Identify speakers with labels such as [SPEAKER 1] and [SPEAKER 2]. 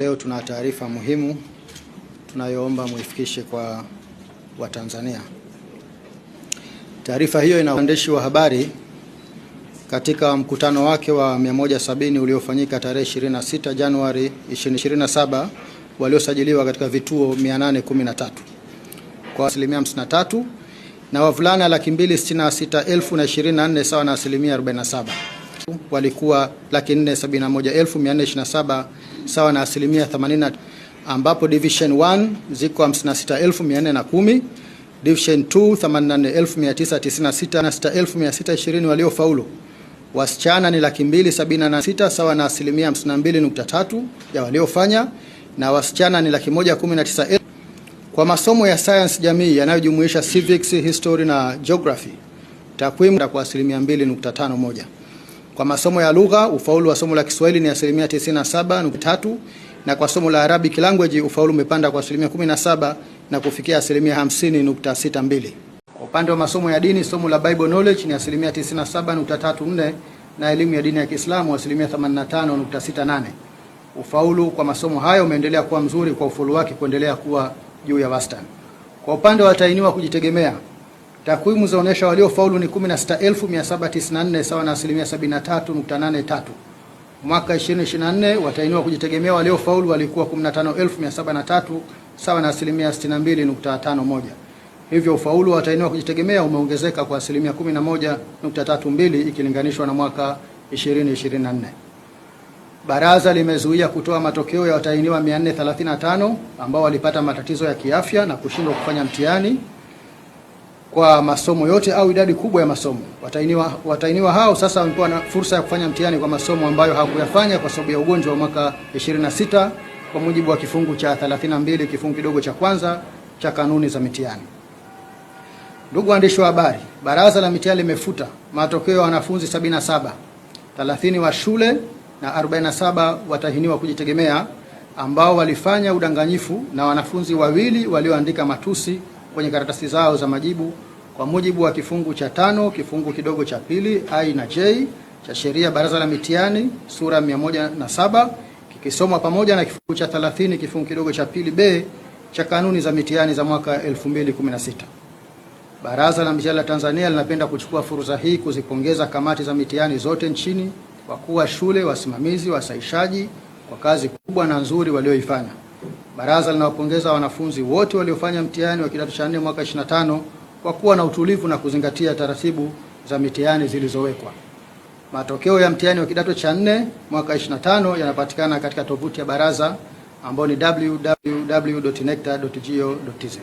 [SPEAKER 1] Leo tuna taarifa muhimu tunayoomba muifikishe kwa Watanzania. Taarifa hiyo ina waandishi wa habari katika mkutano wake wa 170 uliofanyika tarehe 26 Januari 2027 waliosajiliwa katika vituo 813 kwa asilimia 53 na wavulana laki mbili sawa na asilimia 47 walikuwa laki nne sabini na moja elfu mia nne saba sawa na asilimia 80, ambapo division 1 ziko hamsini na sita elfu mia na kumi division 2 84996 na 6620 waliofaulu. Wasichana ni laki mbili sabini na sita sawa na asilimia 52.3 ya waliofanya na wasichana ni laki moja kumi na tisa elfu. Kwa masomo ya science jamii yanayojumuisha civics, history na geography, takwimu kwa asilimia 2.51. Kwa masomo ya lugha, ufaulu wa somo la Kiswahili ni asilimia 97.3 na kwa somo la Arabic language ufaulu umepanda kwa asilimia 17 na kufikia asilimia 50.62. Kwa upande wa masomo ya dini, somo la Bible knowledge ni asilimia 97.34 na elimu ya dini ya Kiislamu asilimia 85.68. Ufaulu kwa masomo hayo umeendelea kuwa mzuri kwa ufaulu wake kuendelea kuwa juu ya wastani. Kwa upande wa watahiniwa kujitegemea Takwimu zaonyesha waliofaulu ni 16794 sawa na asilimia 73.83. Mwaka 2024 watahiniwa kujitegemea waliofaulu walikuwa 15703 sawa na asilimia 62.51. Hivyo ufaulu wa kujitegemea umeongezeka kwa asilimia 11.32 ikilinganishwa na mwaka 2024. Baraza limezuia kutoa matokeo ya watahiniwa 435 ambao walipata matatizo ya kiafya na kushindwa kufanya mtihani kwa masomo yote au idadi kubwa ya masomo. Watainiwa, watainiwa hao sasa wamekuwa na fursa ya kufanya mtihani kwa masomo ambayo hakuyafanya kwa sababu ya ugonjwa wa mwaka 26 kwa mujibu wa kifungu cha 32 kifungu kidogo cha kwanza cha kanuni za mitihani. Ndugu waandishi wa habari, baraza la mitihani limefuta matokeo ya wanafunzi 77, 30 wa shule na 47 watahiniwa kujitegemea ambao walifanya udanganyifu na wanafunzi wawili walioandika matusi kwenye karatasi zao za majibu kwa mujibu wa kifungu cha tano kifungu kidogo cha pili i na j cha sheria baraza la mitihani sura 107 kikisomwa pamoja na kifungu cha 30 kifungu kidogo cha pili b cha kanuni za mitihani za mwaka 2016. Baraza la Mitihani la Tanzania linapenda kuchukua fursa hii kuzipongeza kamati za mitihani zote nchini, wakuu wa shule, wasimamizi, wasaishaji kwa kazi kubwa na nzuri walioifanya. Baraza linawapongeza wanafunzi wote waliofanya mtihani wa kidato cha nne mwaka 25 kwa kuwa na utulivu na kuzingatia taratibu za mitihani zilizowekwa. Matokeo ya mtihani wa kidato cha nne mwaka 25 yanapatikana katika tovuti ya baraza ambayo ni www.necta.go.tz.